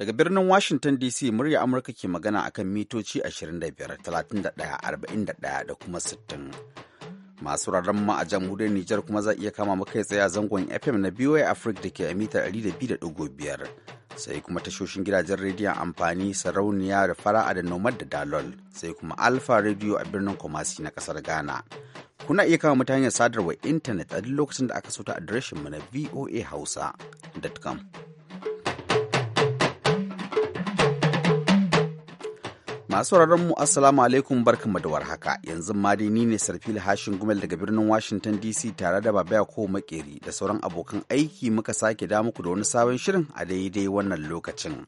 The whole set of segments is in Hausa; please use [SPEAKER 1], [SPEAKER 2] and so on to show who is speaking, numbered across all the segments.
[SPEAKER 1] Daga birnin Washington DC murya Amurka ke magana akan mitoci 25, 31, 41 da kuma 60. Masu rarren ma a jamhuriyar Nijar kuma za iya kama maka tsaye a zangon FM na BOA Africa da ke a mita biyar sai kuma tashoshin gidajen rediyon amfani sarauniya da fara'a da nomad da dalol sai kuma Alpha Radio a birnin Kumasi na kasar Ghana. Kuna iya kama mutane hanyar sadarwar intanet a duk lokacin da aka so ta adireshinmu na voa hausa.com. Masu mu Assalamu alaikum barkanmu da warhaka yanzu ma dai ni ne Sarfil Hashin Gumel daga birnin Washington DC tare da Babaya ko Makeri da sauran abokan aiki muka sake da muku da wani sabon shirin a daidai wannan lokacin.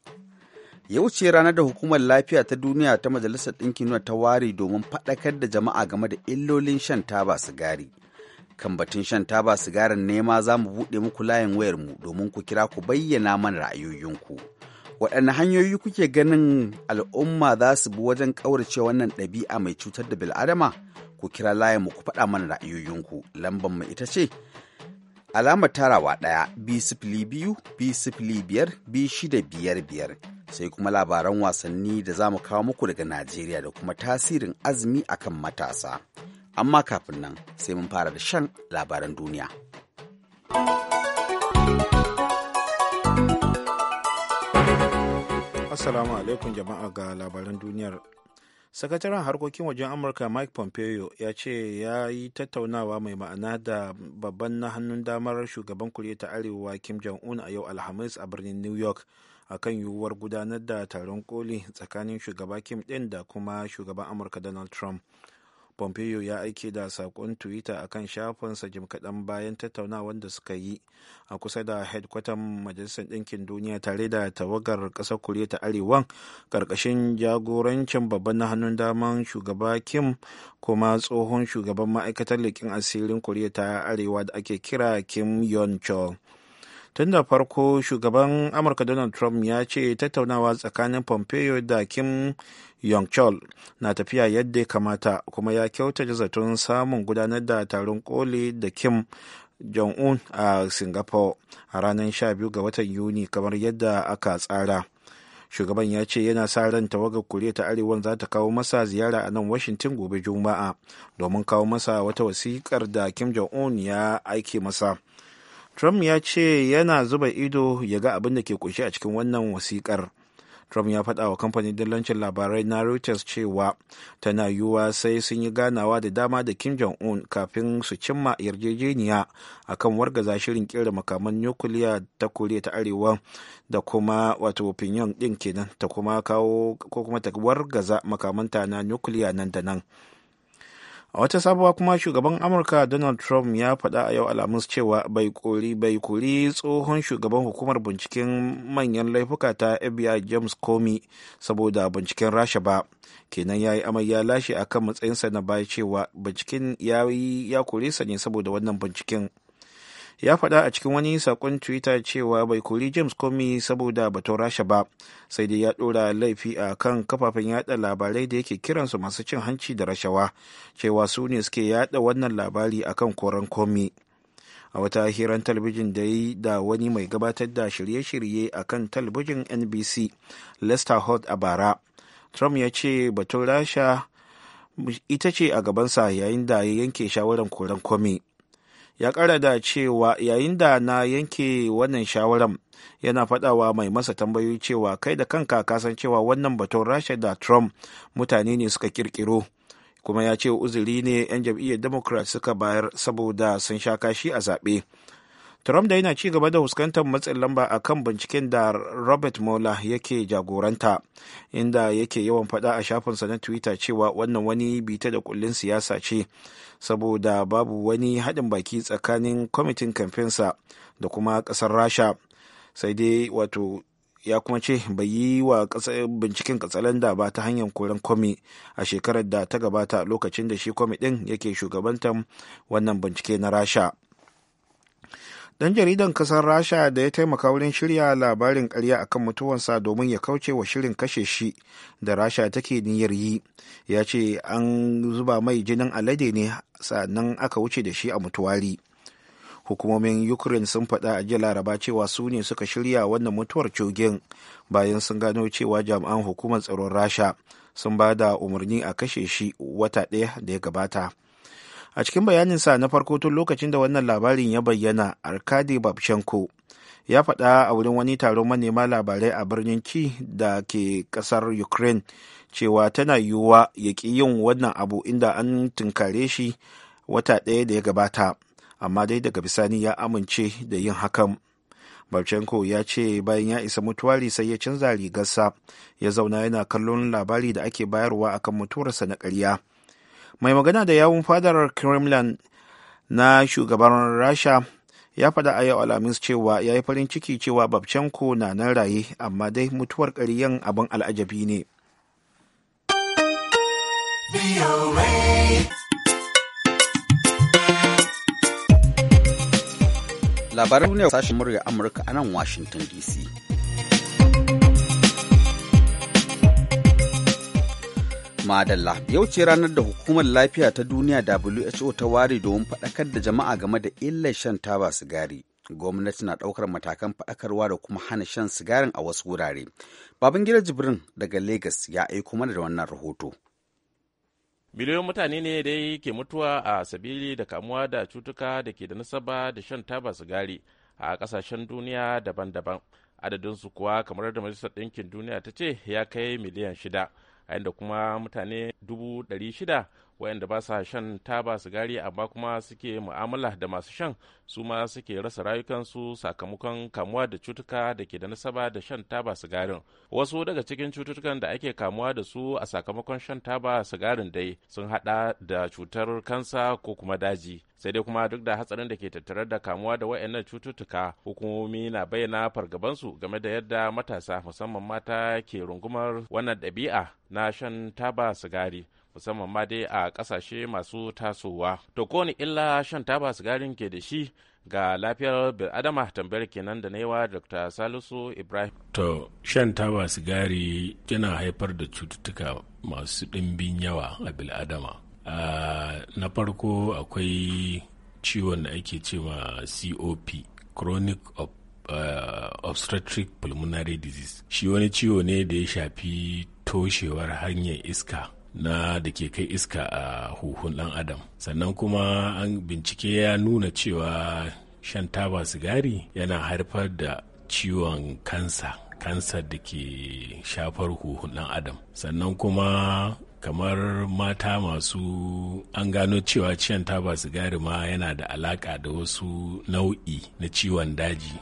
[SPEAKER 1] Yau ce ranar da hukumar lafiya ta duniya ta Majalisar Ɗinkin Duniya ta ware domin faɗakar da jama'a game da illolin shan taba sigari. Kan batun shan taba sigarin nema za mu buɗe muku layin wayarmu domin ku kira ku bayyana mana ra'ayoyinku. waɗanne hanyoyi kuke ganin al'umma za su bi wajen ƙaurace wannan ɗabi'a mai cutar da bil'adama ku kira layinmu ku faɗa mana ra'ayoyinku lambar mu ita ce alamar tarawa ɗaya bi sifili biyu bi sifili biyar bi shida biyar biyar sai kuma labaran wasanni da za mu kawo muku daga najeriya da kuma tasirin azumi akan matasa amma kafin nan sai mun fara da shan labaran duniya.
[SPEAKER 2] Assalamu alaikum jama'a ga labaran duniyar. Sakataren harkokin wajen Amurka Mike Pompeo ya ce ya yi tattaunawa mai ma'ana da babban na hannun damar shugaban kuriya ta Arewa Kim Jong-un a yau Alhamis a birnin New York a kan yiwuwar gudanar da taron koli tsakanin shugaba Kim ɗin da kuma shugaban Amurka Donald Trump. pompeo ya aike da saƙon twitter a kan shafinsa jim kaɗan bayan tattaunawar da suka yi a kusa da hedkwatan majalisar ɗinkin duniya tare da tawagar ƙasar koriya ta arewa ƙarƙashin jagorancin babban na hannun daman shugaba kim kuma tsohon shugaban ma'aikatar leƙin asirin koriya ta arewa da ake kira kim yon chol tun da farko shugaban amurka donald trump ya ce tattaunawa tsakanin pompeo da kim yong yongchol na tafiya yadda ya kamata kuma ya kyautata zaton samun gudanar da taron koli da kim jong-un a singapore a ranar 12 ga watan yuni kamar yadda aka tsara shugaban ya ce yana sa ran tawagar koriya ta arewa za ta kawo masa ziyara a nan washington gobe juma'a domin kawo masa wata wasiƙar da kim jong-un ya aike masa trump ya ce yana zuba ido ya ga abin da ke kunshi a cikin wannan wasikar Trump ya faɗa wa kamfanin dillancin labarai na Reuters cewa tana yiwuwa sai sun yi ganawa da dama da Kim Jong-un kafin su cimma yarjejeniya a kan wargaza shirin kera makaman nukiliya ta Koriya ta Arewa da kuma wato Pyongyang ɗin kenan ta kuma kawo ko kuma ta wargaza makamanta na nukiliya nan da nan. a wata sabuwa kuma shugaban amurka donald trump ya faɗa a yau alhamis cewa bai kori bai kori tsohon shugaban hukumar binciken manyan laifuka ta fbi james comey saboda binciken rasha ba kenan ya yi amai ya lashe akan matsayinsa na baya cewa binciken ya yi kore sa ne saboda wannan binciken ya faɗa a cikin wani saƙon twitter cewa bai kori james comey saboda batun rasha ba sai dai ya ɗora laifi a kan kafafen yada labarai da yake kiransu masu cin hanci da rashawa cewa su ne suke yada wannan labari akan koran comey a wata hirar talabijin da yi da wani mai gabatar da shirye-shirye a kan talabijin nbc lester holt a bara trump ya ce batun rasha ita ce a gabansa yayin da ya yanke shawarar koren komi. ya kara da cewa yayin da na yanke wannan shawaran yana fadawa mai masa tambayoyi cewa kai da kanka kasan cewa wannan batun rasha da trump mutane ne suka kirkiro kuma ya ce uzuri ne 'yan jam'iyyar democrat suka bayar saboda sun sha kashi a zaɓe trump da yana ci gaba da fuskantar matsin lamba a kan binciken da robert mueller yake jagoranta inda yake yawan fada a shafinsa na twitter cewa wannan wani bita da kullin siyasa ce saboda babu wani haɗin baki tsakanin kwamitin kamfensa da kuma ƙasar rasha sai dai wato ya kuma ce bai yi wa binciken katsalanda ba ta hanyar koren kwami a shekarar da ta gabata lokacin da shi kwami ɗin yake shugabantar wannan bincike na rasha dan jaridan kasar rasha da ya taimaka wurin shirya labarin karya akan mutuwansa domin ya kauce wa shirin kashe shi da rasha take niyyar yi ya ce an zuba mai jinin alade ne sannan aka wuce da shi a mutuwari hukumomin ukraine sun faɗa a jiya laraba cewa su ne suka shirya wannan mutuwar cogin bayan sun gano cewa jami'an hukumar tsaron rasha sun ba da umarni a kashe shi wata ɗaya da ya gabata a cikin bayaninsa na farko tun lokacin da wannan labarin ya bayyana arkady babchenko ya faɗa a wurin wani taron manema labarai a birnin ki da ke ƙasar ukraine cewa tana yiwuwa ya ki yin wannan abu inda an tunkare shi wata ɗaya da ya gabata amma dai daga bisani ya amince da yin hakan babchenko ya ce bayan ya isa mutuwari sai ya canza rigarsa ya zauna yana kallon labari da ake bayarwa akan mutuwarsa na ƙarya mai magana da yawun fadar kremlin na shugaban rasha ya faɗa a yau alhamis cewa ya yi farin ciki cewa babchenko na nan raye amma dai mutuwar ƙaryen abin al'ajabi ne
[SPEAKER 1] labaran ne sashen murya amurka a nan washington dc Madalla yau ce ranar da hukumar lafiya ta duniya WHO ta ware domin faɗakar da jama'a game da illar shan taba sigari. Gwamnati na ɗaukar matakan faɗakarwa da kuma hana shan sigarin a wasu wurare. Babangida Jibrin daga Legas ya aiko mana da wannan rahoto.
[SPEAKER 3] Miliyoyin mutane ne dai ke mutuwa a sabili da kamuwa da cutuka da ke da nasaba da shan taba sigari a ƙasashen duniya daban-daban. Adadinsu kuwa kamar da Majalisar Ɗinkin Duniya ta ce ya kai miliyan shida. a yadda kuma mutane dubu ɗari shida wayanda ba sa shan taba sigari amma kuma suke mu'amala da masu shan su ma suke rasa rayukansu sakamakon kamuwa da cutuka da ke da nasaba da shan taba sigarin wasu daga cikin cututtukan da ake kamuwa da su a sakamakon shan taba sigarin dai sun hada da cutar kansa ko kuma daji sai dai kuma duk da hatsarin da ke tattare da kamuwa da wayannan cututtuka hukumomi na bayyana fargabansu game da yadda matasa musamman mata ke rungumar wannan ɗabi'a na shan taba sigari musamman ma dai a kasashe masu tasowa to kowane illa shan taba sigarin ke da shi ga lafiyar bil'adama tambayar kenan da naiwa dr salisu ibrahim to shan taba sigari yana haifar da cututtuka masu ɗimbin yawa a bil'adama na farko akwai ciwon da ake cewa cop chronic of Uh, obstetric pulmonary disease shi wani ciwo ne da ya shafi toshewar hanyar iska na da ke kai iska a huhun dan adam sannan kuma an bincike ya nuna cewa shan taba sigari yana haifar da ciwon kansa kansa da ke shafar huhun dan adam sannan kuma kamar mata masu an gano cewa ciyan taba sigari ma yana da alaka da wasu nau'i na ciwon daji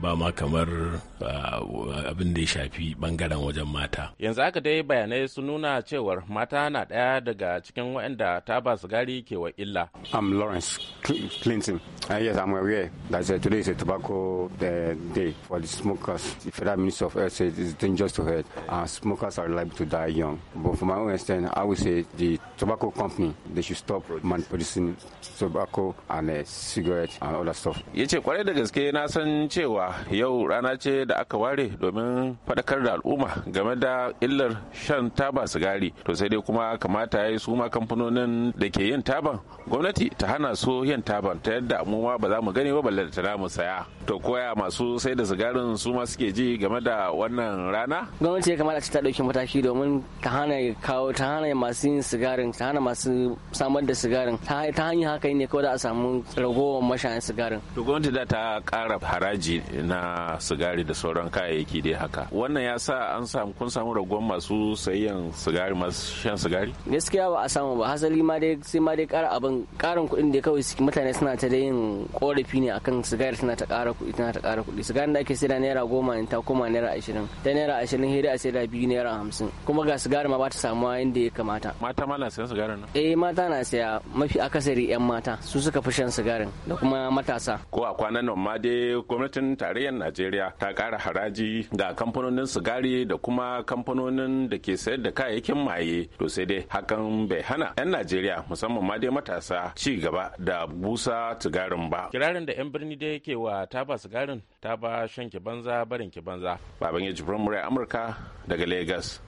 [SPEAKER 3] ba ma kamar ah, abin da ya shafi bangaren wajen mata. Yanzu haka dai bayanai sun nuna cewar mata na ɗaya daga cikin waɗanda su sigari ke wa illa. I'm Lawrence Clinton. Uh, yes, I'm aware that uh, today is a tobacco uh, day for the smokers. The federal minister of health says it's dangerous to health and uh, smokers are liable to die young. But from my own extent, I would say the tobacco company, they should stop man producing tobacco and uh, cigarettes and other stuff. Ya ce kwarai da gaske na san cewa yau rana ce da aka ware domin faɗakar da al'umma game da illar shan taba sigari to sai dai kuma kamata ya yi su kamfanonin da ke yin taban gwamnati ta hana su yin taban ta yadda mu ma ba za mu gani ba balle ta mu saya to koya masu sai da sigarin su ma suke ji game da wannan rana
[SPEAKER 4] gwamnati ya kamata ta ɗauki mataki domin ta hana kawo ta hana masu yin sigarin ta hana masu samar da sigarin ta hanyar haka ne kawai da a samu ragowar mashayan sigarin
[SPEAKER 3] to gwamnati da ta kara haraji na sigari da sauran kayayyaki dai haka wannan ya sa an samu kun samu ragon masu sayan sigari masu shan sigari
[SPEAKER 4] gaskiya ba a samu ba hasali ma dai sai ma dai ƙara abin karin kuɗin da kawai mutane suna ta da yin ƙorafi ne akan sigari tana ta ƙara kuɗi tana ta kara kuɗi sigarin da ake sai da naira goma ne ta koma naira ashirin ta naira ashirin hira a sai da biyu naira hamsin kuma ga sigari ma ba ta samuwa inda ya kamata mata ma na sayan sigarin nan eh mata na saya mafi akasari yan mata su suka fi shan sigarin da kuma
[SPEAKER 3] matasa ko a kwanan nan ma dai gwamnatin ta tarayyar najeriya ta kara haraji ga kamfanonin sigari da kuma kamfanonin da ke sayar da kayayyakin maye to sai dai hakan bai hana 'yan najeriya musamman ma dai matasa ci gaba da busa sigarin ba kirarin da 'yan birni da yake wa taba sigarin ta ba shan ki banza barin ki banza baban ya jibrin murai amurka daga lagos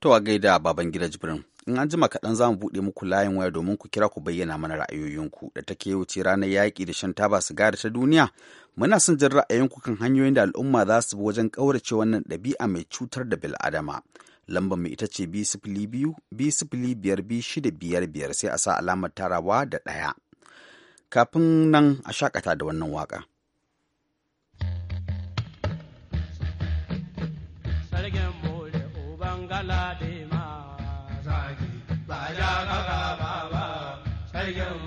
[SPEAKER 3] to a gaida baban gida
[SPEAKER 1] jibrin in an jima kaɗan za mu buɗe muku layin waya domin ku kira ku bayyana mana ra'ayoyinku da take wuce ranar yaƙi da shan taba sigari ta duniya Muna son jin ra'ayinku kan hanyoyin da al'umma za su bi wajen ƙaurace wannan ɗabi'a mai cutar da bil'adama. Lambar mu ita ce b sifili biyu b sifili biyar b shida biyar biyar sai a sa alamar tarawa da ɗaya. Kafin nan a shakata da wannan waka
[SPEAKER 3] Sarkin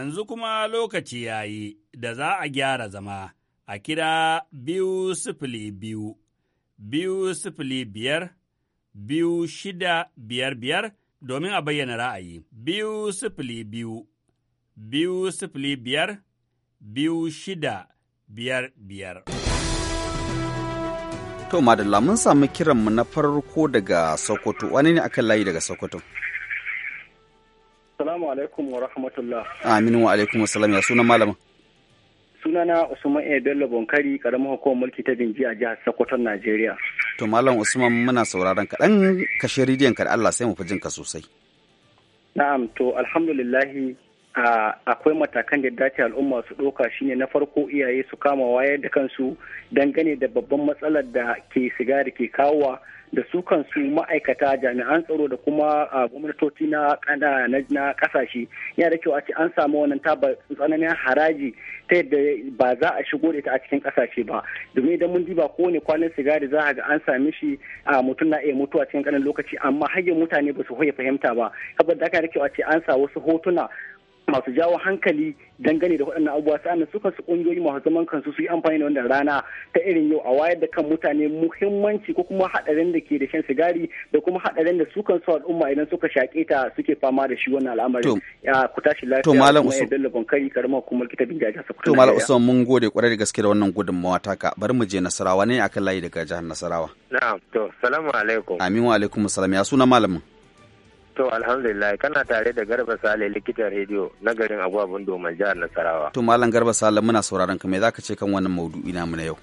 [SPEAKER 5] yanzu kuma lokaci ya yi da za a gyara zama a kira biyu sifili biyu, biyu sifili biyar, biyu shida biyar biyar domin a bayyana ra'ayi, biyu sifili biyu, biyu sifili biyar, biyu shida biyar biyar.
[SPEAKER 1] To, Madalla, mun samu kiranmu na farko daga Sokoto, wani ne akan layi daga Sokoto?
[SPEAKER 6] Assalamu alaikum wa rahmatullah.
[SPEAKER 1] Aminu wa alaikum salam ya sunan malama.
[SPEAKER 6] Sunana Usman E. Bello Bonkari, karamin hukumar mulki ta Binji a jihar Sokoto, Najeriya.
[SPEAKER 1] To malam Usman muna sauraron ka dan kashe rediyon ka da Allah sai mu fi jin ka sosai.
[SPEAKER 6] Na'am to alhamdulillahi akwai matakan da dace al'umma su ɗauka shine na farko iyaye su kama wayar da kansu dangane da babban matsalar da ke sigari ke kawowa da su kansu ma'aikata jami'an tsaro da kuma gwamnatoci na kasashe ya da kyau a ce an samu wannan taba tsananin haraji ta yadda ba za a shigo da ita a cikin kasashe ba domin idan mun diba kowane kwanan sigari za a ga an sami shi a mutum na iya mutuwa cikin kan lokaci amma hanyar mutane ba su hoya fahimta ba saboda haka da kyau a ce an sa wasu hotuna masu jawo hankali dangane da waɗannan abubuwa suka su ƙungiyoyi masu zaman kansu su yi amfani da wannan rana ta irin yau a wayar da kan mutane muhimmanci ko kuma haɗarin da ke da shan sigari da kuma haɗarin da su kansu al'umma idan suka shaƙe ta suke fama da shi wannan al'amarin ya ku tashi lafiya to malam usman bello kai karamar hukumar kita bin jaja sa to malam usman
[SPEAKER 1] mun gode kwarai da gaske da wannan gudunmawa taka bari mu je nasarawa ne akan layi daga jihar nasarawa
[SPEAKER 5] na'am to salamu alaikum
[SPEAKER 1] amin wa alaikum salam ya suna malamin
[SPEAKER 5] To alhamdulillah kana tare da Garba Sale likitan rediyo na garin Agwabun Domin jihar Nasarawa.
[SPEAKER 1] To Malam Garba Sale muna sauraron ka me zaka ce kan wannan maudu'i namu na yau?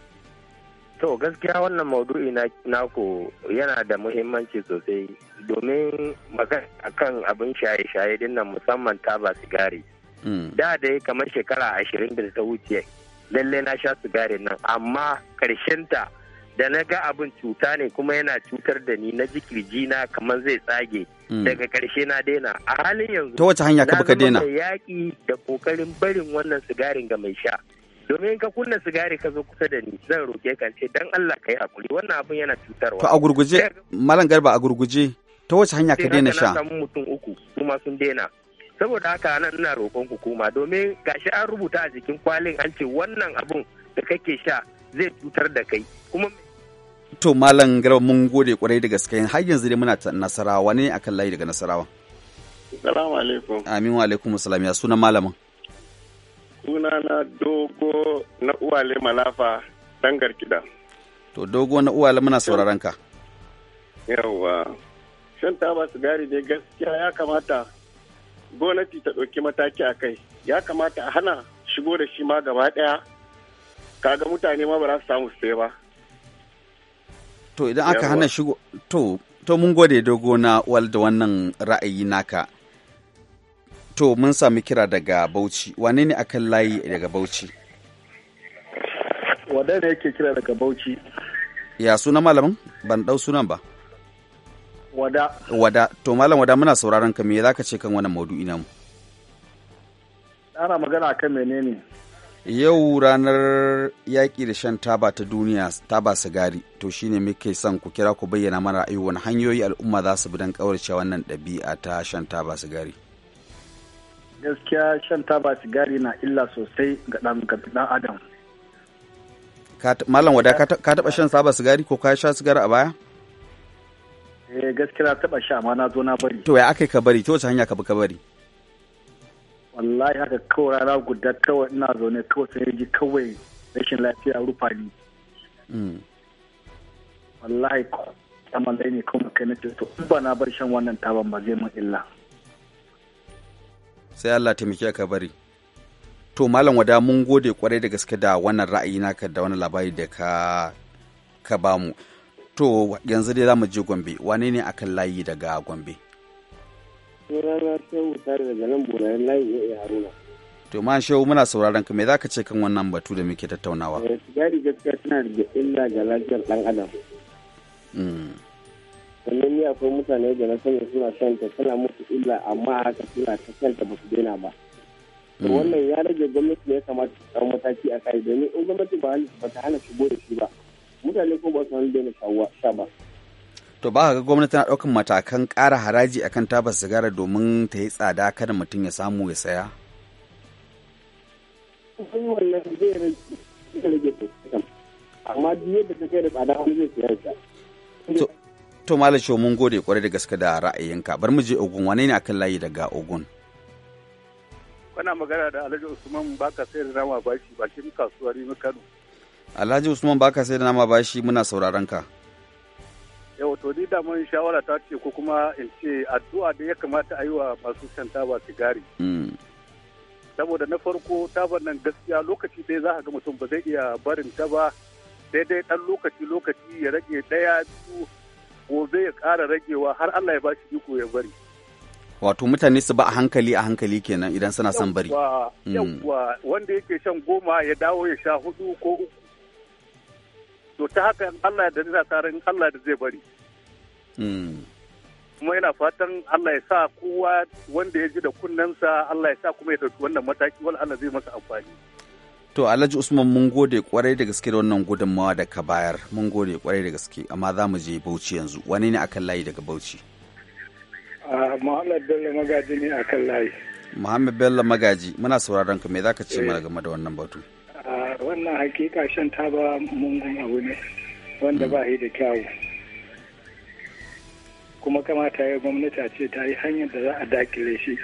[SPEAKER 5] To gaskiya wannan maudu'i naku yana da muhimmanci sosai domin magana akan abin shaye-shaye din nan musamman taba sigari. Mm. Da da kamar shekara ashirin da ta wuce lallai na sha sigari nan amma ta da na ga abin cuta ne kuma yana cutar da ni na ji na kamar zai tsage Mm. daga karshe na daina a halin yanzu ta wace hanya ka baka daina yaƙi da kokarin barin wannan sigarin ga mai sha domin ka kunna sigari ka zo kusa da ni zan roke ka ce dan Allah ka yi hakuri wannan abun yana cutarwa to a gurguje
[SPEAKER 1] malam garba a gurguje ta wace hanya ka daina sha sai
[SPEAKER 5] mutum uku kuma sun daina saboda haka anan ina roƙon hukuma domin gashi an rubuta a jikin kwalin an ce wannan abun da kake sha zai cutar da kai kuma
[SPEAKER 1] to malam garba mun gode kwarai da gaske har yanzu dai muna nasarawa ne akan layi daga nasarawa
[SPEAKER 6] salamu alaikum
[SPEAKER 1] amin wa alaikum salam ya sunan malamin
[SPEAKER 6] suna na dogo na uwale malafa dan garkida.
[SPEAKER 1] to dogo na uwale muna sauraron ka
[SPEAKER 6] Yawwa. shan taba sigari dai gaskiya ya kamata gwamnati ta ɗauki mataki a kai ya kamata a hana shigo da shi ma gaba ɗaya kaga mutane ma ba za su samu sai ba
[SPEAKER 1] to idan aka hana shigo to to mun gode dogo na wal da wannan ra'ayi naka to mun sami kira daga bauchi wane ne akan layi daga bauchi
[SPEAKER 6] Wanda ne yake kira daga bauchi
[SPEAKER 1] ya suna malamin ban dau sunan ba wada wada to malam wada muna sauraron ka me zaka ce kan wannan maudu'i namu
[SPEAKER 6] ana magana kan menene
[SPEAKER 1] yau ranar yaƙi da shan taba ta duniya taba sigari to shine muke son ku kira ku bayyana mana ra'ayi wani hanyoyi al'umma za su bi don kaurace wannan ɗabi'a ta shan taba sigari
[SPEAKER 6] gaskiya shan taba sigari na illa sosai ga ɗan adam
[SPEAKER 1] malam wada ka taɓa shan taba sigari ko ka sha sigari a baya
[SPEAKER 6] eh gaskiya taɓa sha ma na zo na bari
[SPEAKER 1] to ya aka ka bari to wace hanya ka bi ka bari
[SPEAKER 6] wallahi haka kawai rana guda kawai ina zaune kawai sai ji kawai rashin lafiya rufa ni mm. wallahi tsamallai ne kuma kai nace to in ba na bar shan wannan taban ba zai mun illa
[SPEAKER 1] sai Allah taimake ka bari to malam wada mun gode kwarai da gaske da wannan ra'ayi naka da wannan labari da ka ka bamu to yanzu dai za mu je Gombe wane ne akan layi daga Gombe
[SPEAKER 6] ko rana ta wuta daga nan borayen layin ya eh, iya haruna.
[SPEAKER 1] To ma shehu muna sauraron ka me za ka ce kan wannan batu da muke tattaunawa?
[SPEAKER 6] Eh, sigari gaskiya tana da illa ga lafiyar ɗan adam. Mm. Sannan ni akwai mutane da na sani suna shan ta tana musu illa amma haka suna ta shan ta ba su daina ba. Mm. Wannan ya rage gwamnati ne ya kamata su ɗan mataki a kai domin in gwamnati ba ta hana shigo da shi ba. Mutane ko ba su hana daina sha ba.
[SPEAKER 1] to ba ga gwamnati na ɗaukan matakan ƙara haraji akan tabar sigara domin ta yi tsada kada mutum ya samu ya saya amma to malam shi mun gode kwarai da gaske da ra'ayinka bar mu je ogun wane ne akan layi daga ogun
[SPEAKER 6] kana magana da alhaji usman baka sai da nama bashi bakin kasuwar kano
[SPEAKER 1] alhaji usman baka sai da nama bashi muna sauraron ka
[SPEAKER 6] yau to ni da mun shawara ta ce ko kuma in ce addu'a da ya kamata a yi wa masu shan taba sigari mm. saboda na farko tabar nan gaskiya lokaci ɗaya za ka ga mutum ba zai iya barin ta ba daidai ɗan lokaci lokaci ya rage ɗaya biyu gobe ya ƙara ragewa har Allah ya bashi iko ya bari.
[SPEAKER 1] Wato mutane su ba a hankali a hankali kenan idan suna son bari. yauwa
[SPEAKER 6] mm. wanda yake shan goma ya dawo ya sha hudu ko uku to ta haka Allah da zai sa in Allah da zai bari hmm. kuma yana fatan Allah ya sa kowa wanda ya ji da kunnensa Allah ya sa kuma ya ɗauki wannan mataki wal Allah zai
[SPEAKER 3] masa amfani
[SPEAKER 1] to Alhaji Usman mun gode kwarai da gaske da wannan gudunmawa da ka bayar mun gode kwarai da gaske amma za mu je Bauchi yanzu wane ne akan layi daga Bauchi
[SPEAKER 6] ah, Muhammad Bello Magaji ne akan layi
[SPEAKER 1] Muhammad Bello Magaji muna sauraron ka me zaka ce eh. mana game da wannan batu
[SPEAKER 6] wannan hakika shan taba mungun abu ne wanda mm. ba shi da kyawu kuma kamata ya gwamnati ce ta yi hanyar da za a dakile shi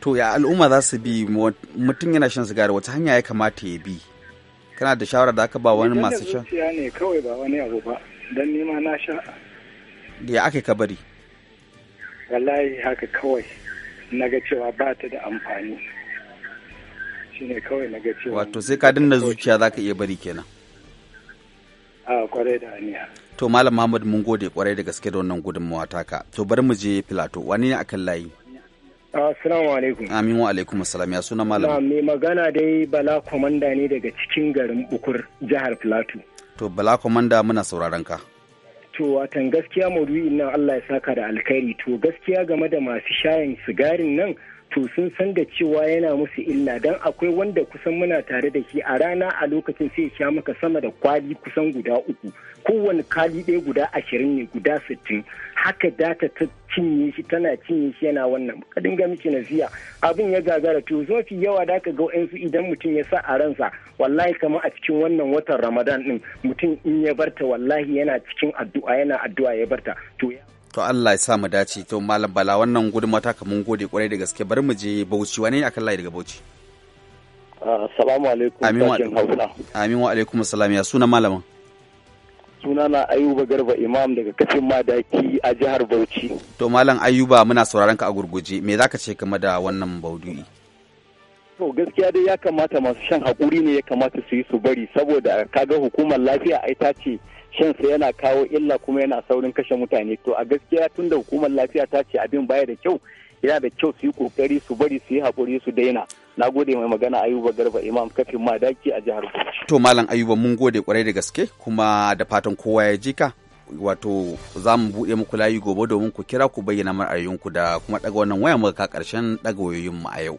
[SPEAKER 1] to ya al'umma za su bi mutum yana shan sigari wata hanya ya kamata ya bi kana da shawara da aka ba wani masu shan
[SPEAKER 6] ne kawai ba wani abu ba don nima na sha
[SPEAKER 1] ya aka ka bari
[SPEAKER 6] wallahi haka kawai na ga cewa ba ta da amfani ne kawai na ga cewa wato sai ka dinna zuciya
[SPEAKER 1] za ka iya bari kenan
[SPEAKER 6] a kwarai da aniya
[SPEAKER 1] to malam Muhammad mun gode kwarai da gaske da wannan gudunmawa taka to bari mu je filato wani ne akan layi
[SPEAKER 6] Assalamu alaikum.
[SPEAKER 1] Amin wa alaikum assalam ya suna malam.
[SPEAKER 6] Mai magana dai Bala Komanda ne daga cikin garin Bukur jihar filato
[SPEAKER 1] To Bala Komanda muna sauraron ka.
[SPEAKER 6] To watan gaskiya maudu'in nan Allah ya saka da alkhairi to gaskiya game da masu shayin sigarin nan to sun san da cewa yana musu illa don akwai wanda kusan muna tare da shi a rana a lokacin sai ya maka sama da kwali kusan guda uku kowane kwali ɗaya guda ashirin ne guda sittin haka data ta cinye shi tana cinye shi yana wannan ka dinga miki nasiya abin ya gagara to fi yawa da ka ga wa'ansu idan mutum ya sa a ransa wallahi kamar a cikin wannan watan ramadan din mutum in ya barta wallahi yana cikin addu'a yana addu'a ya barta to ya
[SPEAKER 1] to Allah ya sa mu dace to malam bala wannan gudunmawa ta mun gode kwarai da gaske bari mu je Bauchi wani akan layi daga Bauchi
[SPEAKER 6] ah, Assalamu alaikum Hausa
[SPEAKER 1] Amin wa alaikum assalam ya suna malamin
[SPEAKER 6] na Ayuba Garba Imam daga kafin Madaki a jihar Bauchi
[SPEAKER 1] to malam Ayuba muna sauraron ka a gurguje me zaka ce game da wannan baudu'i
[SPEAKER 6] to gaskiya dai ya kamata masu shan hakuri ne ya kamata su yi su bari saboda kaga hukumar lafiya ai ta ce shan sa yana kawo illa kuma yana saurin kashe mutane to a gaskiya tunda hukumar lafiya ta ce abin baya da kyau yana da kyau su yi kokari su bari su yi haƙuri su daina na gode mai magana ayuba garba imam kafin daki a jihar bauchi
[SPEAKER 1] to malam ayuba mun gode kwarai da gaske kuma da fatan kowa ya ji ka wato za mu buɗe muku layi gobe domin ku kira ku bayyana mar'ayinku da kuma ɗaga wannan waya muka ka ƙarshen ɗaga wayoyinmu a yau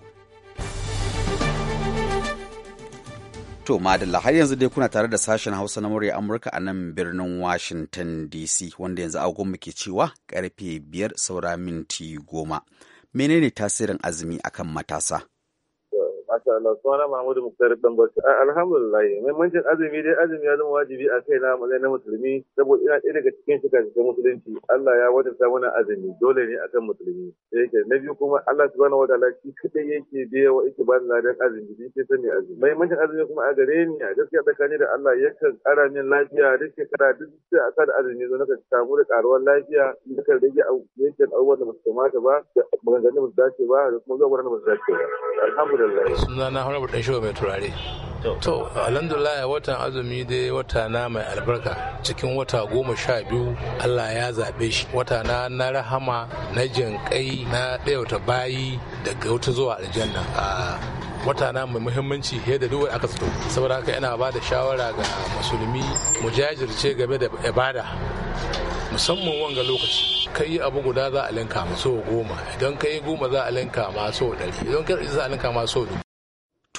[SPEAKER 1] To madalla har yanzu dai kuna tare da sashen Hausa na murya Amurka a nan birnin Washington DC wanda yanzu agon muke cewa karfe biyar saura minti goma. Menene tasirin azumi akan matasa?
[SPEAKER 3] Masha Allah, suna Mahmudu Muktar Dangote. Alhamdulillah, muhimmancin azumi dai azumi ya zama wajibi a kai na matsayin na musulmi saboda ina ɗaya daga cikin shiga musulunci. Allah ya wajabta mana azumi dole ne akan musulmi. Yake na biyu kuma Allah subhanahu wa ta'ala shi kadai yake biya wa yake ba dan azumi shi ke sani azumi. Muhimmancin azumi kuma a gare ni a gaskiya tsakani da Allah yakan ƙara min lafiya duk shekara duk sai a kan azumi zo ka samu da karuwar lafiya
[SPEAKER 2] ka
[SPEAKER 6] rage yankin abubuwan da ba su kamata ba da maganganun da ba su ba da kuma zuwa wurin da ba su dace ba.
[SPEAKER 3] Alhamdulillah. suna na honorable dan shehu mai turare to alhamdulillah watan azumi dai wata na mai albarka cikin wata goma sha biyu allah ya zaɓe shi wata na na rahama na jinƙai na ɗayauta bayi daga wata zuwa aljanna a wata na mai muhimmanci he da duk aka tsoro saboda haka yana ba da shawara ga musulmi mu jajirce game da ibada musamman wanga lokaci ka yi abu guda za a linka maso goma idan ka yi goma za a linka maso so ɗari idan ka yi za a linka maso so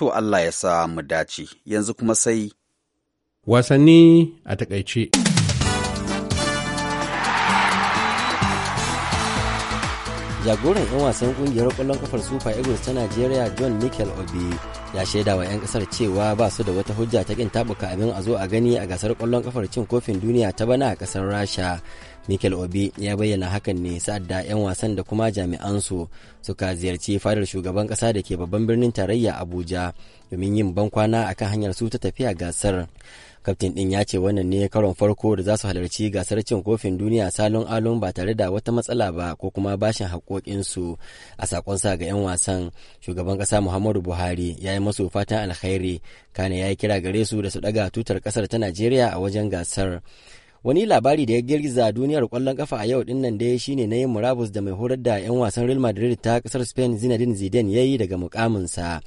[SPEAKER 1] To Allah ya sa mu dace, yanzu kuma sai.
[SPEAKER 3] Wasanni a takaice.
[SPEAKER 4] jagoran 'yan wasan kungiyar kwallon kafar super eagles ta Najeriya john michael obi ya shaida wa 'yan kasar cewa ba su da wata hujja ta kin tabuka abin a zo a gani a gasar kwallon kafar cin kofin duniya ta bana a ƙasar rasha michael obi ya bayyana hakan ne sa'ad da 'yan wasan da kuma jami'ansu suka ziyarci fadar shugaban kasa da ke babban birnin tarayya abuja domin yin ban kwana akan hanyar su ta tafiya gasar kaftin din ya ce wannan ne karon farko da za su halarci gasar cin kofin duniya salon alon ba tare da wata matsala ba ko kuma bashin haƙoƙinsu a sa ga 'yan wasan shugaban ƙasa muhammadu buhari ya yi masu fatan alkhairi kane ya yi kira gare su da su ɗaga tutar ƙasar ta najeriya a wajen gasar wani labari da ya girgiza duniyar kwallon kafa a yau dinnan dai shine na yin murabus da mai horar da 'yan wasan real madrid ta kasar spain zinedine zidane ya yi daga mukaminsa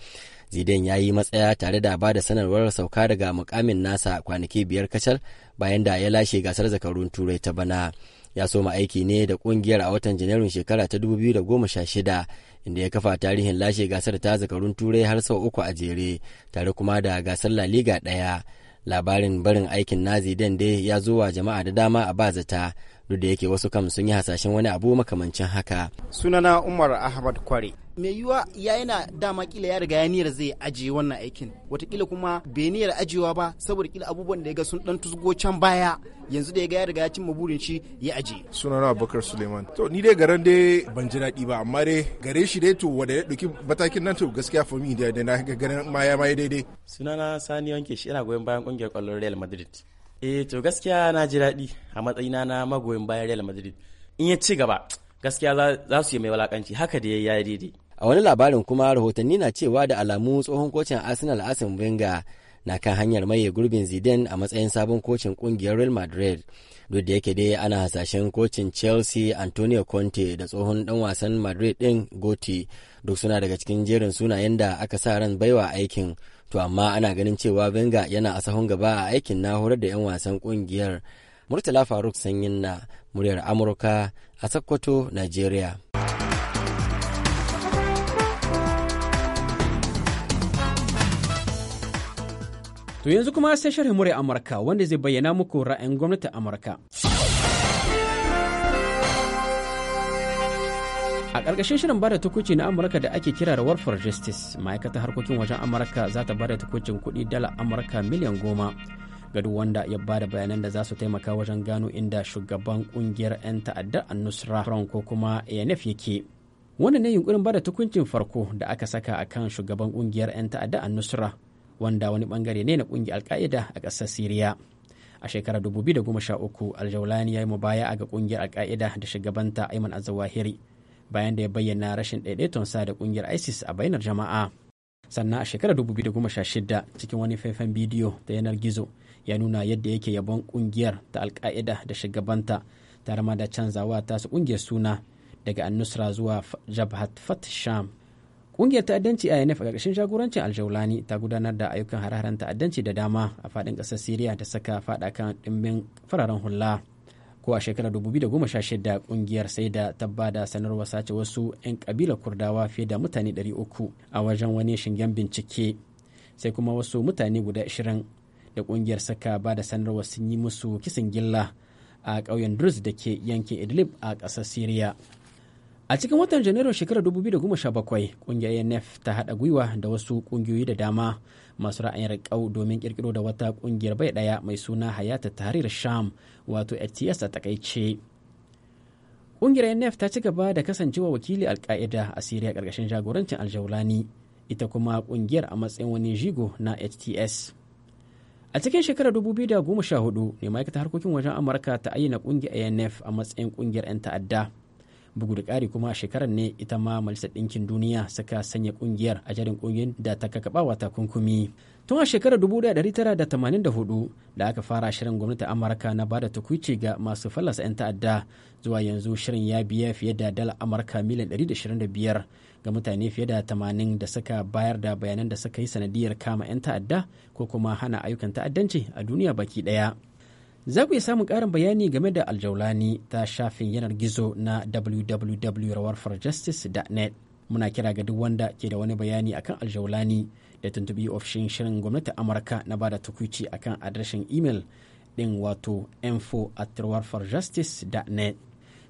[SPEAKER 4] zidane ya yi matsaya tare da ba da sanarwar sauka daga mukamin nasa kwanaki biyar kacal bayan da ya lashe gasar zakarun turai ta bana ya soma aiki ne da kungiyar a watan janairun shekara ta 2016 inda ya kafa tarihin lashe gasar ta zakarun turai har sau uku a jere tare kuma da gasar la liga ɗaya labarin barin aikin nazi dande ya zo wa jama'a da dama a ba zata duk da yake wasu kam sun yi hasashen wani abu makamancin haka
[SPEAKER 1] sunana umar ahmad kware mai yiwuwa ya yana dama kila ya riga ya niyyar zai ajiye wannan aikin watakila kuma bai niyyar ajiyewa ba saboda kila abubuwan da ya ga sun dan tusgo can baya yanzu da ya ga ya riga ya cimma burin shi
[SPEAKER 2] ya ajiye sunana abubakar
[SPEAKER 3] suleiman to ni dai garan dai ban ji daɗi ba amma dai gare shi dai to wanda ya ɗauki matakin nan to gaskiya fa mi da na ganin ma ya mai daidai sunana sani wanke shi ina goyon bayan ƙungiyar kwallon real madrid eh to gaskiya na ji daɗi a matsayina na magoyin bayan real madrid in ya ci gaba gaskiya za su yi mai walakanci haka da ya yi daidai
[SPEAKER 4] a wani labarin kuma rahotanni na cewa da alamu tsohon kocin arsenal asim wenger na kan hanyar maye gurbin zidane a matsayin sabon kocin kungiyar real madrid duk da yake dai ana hasashen kocin chelsea antonio conte da tsohon dan wasan madrid din goti duk suna daga cikin jerin sunayen da aka sa ran baiwa aikin to amma ana ganin cewa benga yana a sahun gaba a aikin na horar da 'yan wasan kungiyar murtala faruk sanyin na muryar amurka a sokoto nigeria
[SPEAKER 7] To yanzu kuma sai sharhin murai Amurka wanda zai bayyana muku ra'ayin gwamnatin Amurka. A ƙarƙashin shirin bada tukuci na Amurka da ake kira da War for Justice, ma'aikatar harkokin wajen Amurka za ta bada tukucin kuɗi dala Amurka miliyan goma ga duk wanda ya ba da bayanan da za su taimaka wajen gano inda shugaban ƙungiyar 'yan ta'adda a Nusra Front ko kuma ANF yake. Wannan ne yunkurin bada tukuncin farko da aka saka a kan shugaban ƙungiyar 'yan ta'adda a nusra. wanda wani bangare ne na kungiyar alka'ida a ƙasar siriya a shekarar 2013 aljaulani ya yi mubaya ga kungiyar alka'ida da shugabanta ayman azawahiri bayan da ya bayyana rashin sa da kungiyar isis a bainar jama'a sannan a shekarar 2016 cikin wani faifan bidiyo da yanar gizo ya nuna yadda yake yabon kungiyar ta alka'ida da shugabanta tare ma da canzawa ta su kungiyar suna daga annusra zuwa jabhat fat sham Ƙungiyar ta'addanci INF a ƙarƙashin jagorancin aljaulani ta gudanar da ayyukan hare-haren ta'addanci da dama a faɗin ƙasar Siriya ta saka faɗa kan ɗimbin fararen hula. Ko a shekarar 2016 ƙungiyar sai da ta bada sanarwar sace wasu 'yan ƙabilar Kurdawa fiye da mutane 300 a wajen wani shingen bincike. Sai kuma wasu mutane guda 20 da ƙungiyar saka ba da sanarwar sun yi musu kisan gilla a ƙauyen Druze da ke yankin Idlib a ƙasar Siriya. A cikin watan Janairun shekarar 2017, kungiyar anf ta haɗa gwiwa da wasu kungiyoyi da dama masu ra'ayin riƙau domin kirkiro da wata kungiyar bai ɗaya mai suna Hayata Tahrir Sham wato HTS a takaice. Kungiyar anf ta ci gaba da kasancewa wakili alka'ida a Siriya ƙarƙashin jagorancin Aljaulani, ita kuma kungiyar a matsayin wani jigo na HTS. A cikin shekarar 2014 ne ma'aikatar harkokin wajen Amurka ta ayyana kungiyar ANF a matsayin kungiyar 'yan ta'adda. bugu da ƙari kuma a shekarar ne ita ma majalisar ɗinkin duniya suka sanya ƙungiyar a jarin ƙungiyar da ta kakaɓawa takunkumi tun a shekarar 1984 da aka fara shirin gwamnatin amurka na bada takwici ga masu fallasa 'yan ta'adda zuwa yanzu shirin ya biya fiye da dala amurka miliyan 125 ga mutane fiye da 80 da suka bayar da bayanan da suka yi sanadiyar kama 'yan ta'adda ko kuma hana ayyukan ta'addanci a duniya baki ɗaya. Za ku iya samun ƙarin bayani game da aljaulani ta shafin yanar gizo na www.rawarforjustice.net. Muna kira ga duk wanda ke da wani bayani akan aljaulani da tuntubi ofishin shirin gwamnati Amurka na bada tukuci akan adireshin imel din wato info at rawarforjustice.net.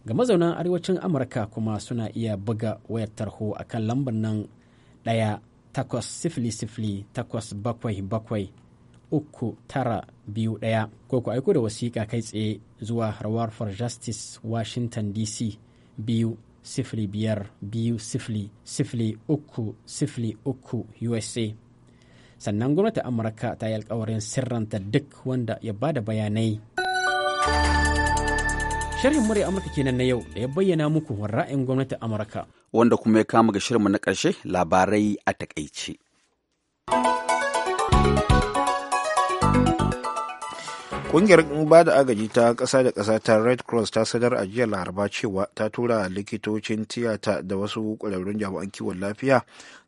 [SPEAKER 7] Ga mazaunan arewacin Amurka kuma suna iya buga wayar tarho akan lambar nan ɗaya takwas sifili sifili takwas bakwai bakwai uku tara biyu ɗaya ko ku aiko da wasiƙa kai tsaye zuwa harwar justice washington dc biyu sifili biyar biyu sifili sifili uku sifili uku usa sannan gwamnatin amurka ta yi alkawarin sirranta duk wanda ya bada bayanai sharhin murya amurka kenan na yau da ya bayyana muku ra'ayin gwamnatin amurka
[SPEAKER 1] wanda kuma ya kama ga shirinmu na ƙarshe labarai a
[SPEAKER 2] takaice. Ƙungiyar ba da agaji ta kasa da kasa ta Red Cross ta sadar a jiya Laraba cewa ta tura likitocin tiyata da wasu ƙwararrun jami'an kiwon lafiya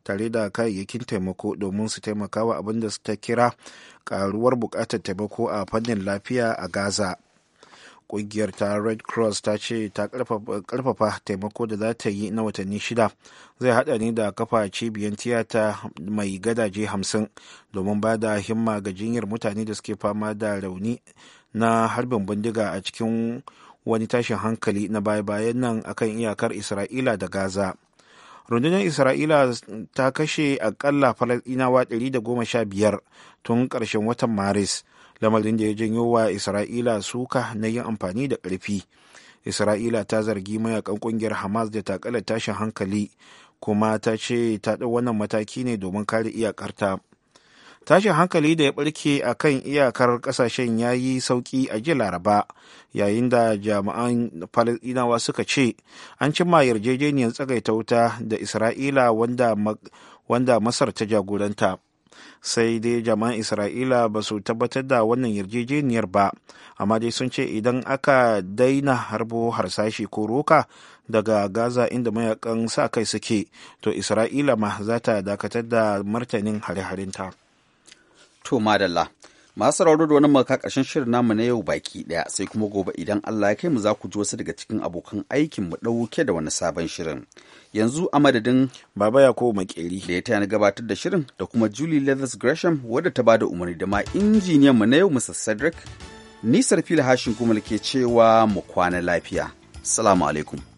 [SPEAKER 2] tare da kayayyakin taimako domin su taimaka wa abinda da ta kira karuwar buƙatar taimako a fannin lafiya a Gaza. kungiyar ta red cross ta ce ta karfafa taimako da za ta yi na watanni shida zai hada ne da kafa cibiyar tiyata mai gadaje hamsin domin ba da himma ga jinyar mutane da suke fama da rauni na harbin bindiga a cikin wani tashin hankali na baya-bayan nan akan iyakar isra'ila da gaza rundunar isra'ila ta kashe akalla falasɗinawa 115 tun ƙarshen watan maris lamarin da ya janyo wa isra'ila suka na yin amfani da ƙarfi isra'ila ta zargi mayakan ƙungiyar hamas da takalar tashin hankali kuma ta ce ta ɗau wannan mataki ne domin kare iyakarta tashin hankali da ya ɓarke a kan iyakar ƙasashen ya yi sauƙi a jiya laraba yayin da jami'an falasɗinawa suka ce an cimma yarjejeniyar tsagaita wuta da isra'ila wanda masar ta jagoranta sai dai jama'an isra'ila ba su tabbatar da wannan yarjejeniyar ba amma dai sun ce idan aka daina harbo harsashi ko roka daga gaza inda mayakan sa kai suke to isra'ila ma za ta dakatar da martanin hare-harenta
[SPEAKER 1] to madalla masu rawar da wani maka ƙarshen shirin namu na yau baki ɗaya sai kuma gobe idan allah ya kai mu za ku ji wasu daga cikin abokan aikin mu ɗauke da wani sabon shirin yanzu a madadin baba ya kowa makeri da ya taya na gabatar da shirin da kuma julie leathers gresham wadda ta bada umarni da ma injiniyan mu na yau mr cedric nisar fili hashin kuma ke cewa mu kwana lafiya salamu alaikum